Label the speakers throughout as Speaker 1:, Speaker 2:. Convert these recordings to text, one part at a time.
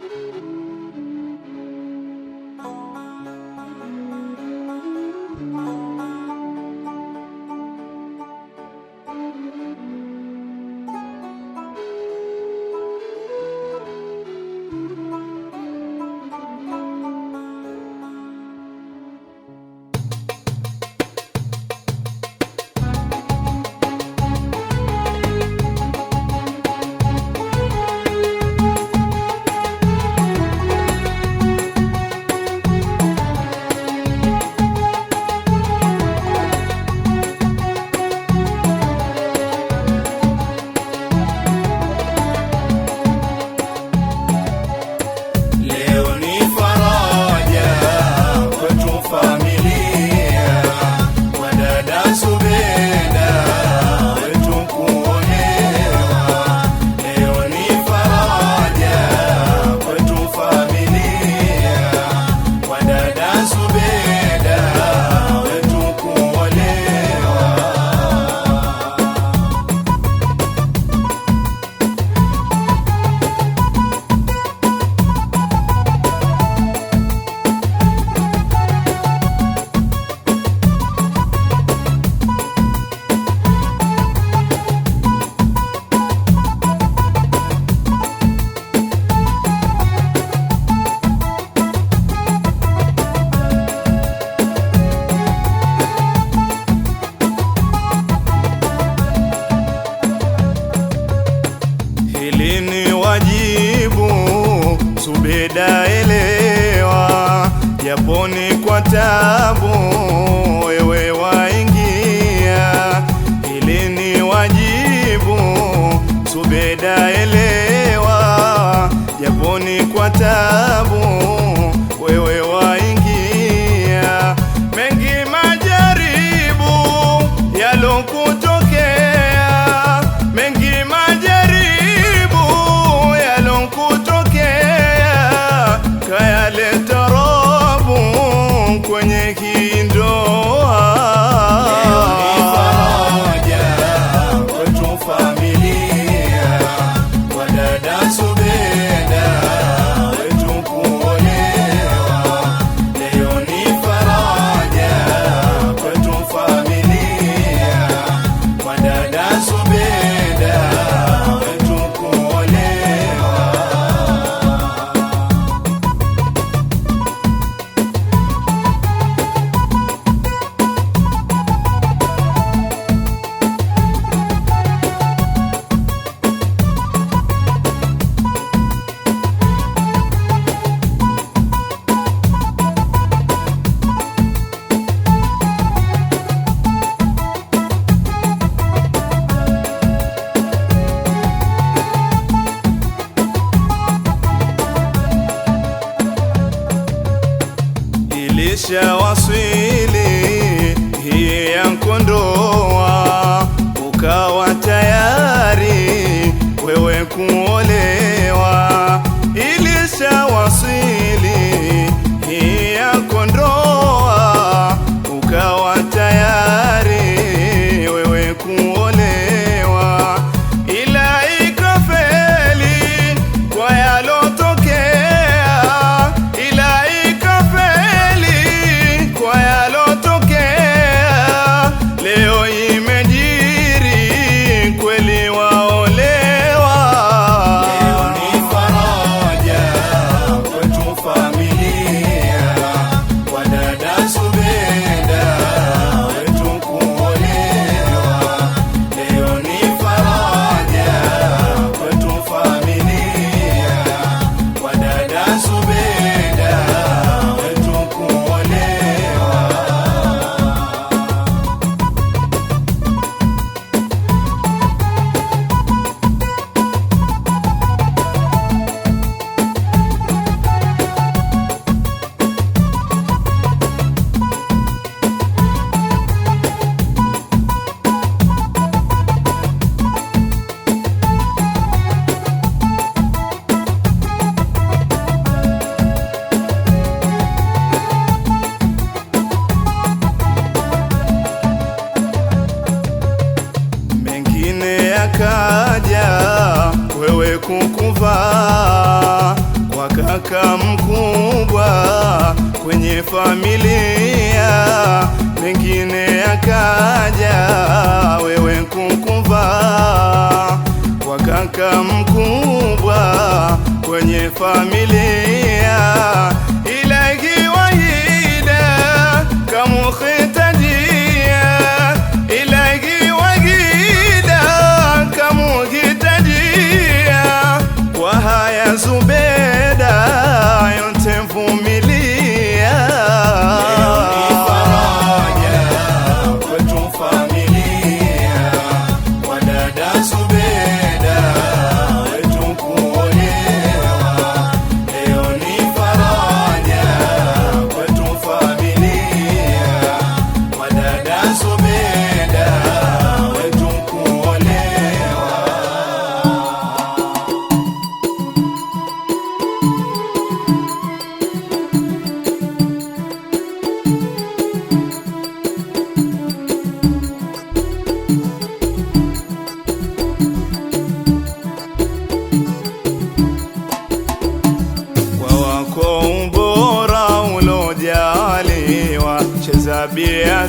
Speaker 1: thank you
Speaker 2: Zubeda elewa, japoni kwa tabu, wewe waingia ili ni wajibu. Zubeda elewa, japoni kwa tabu mwaka mkubwa kwenye familia, mengine akaja wewe kukuvaa, wakaka mkubwa kwenye familia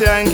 Speaker 2: gracias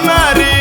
Speaker 2: Maria.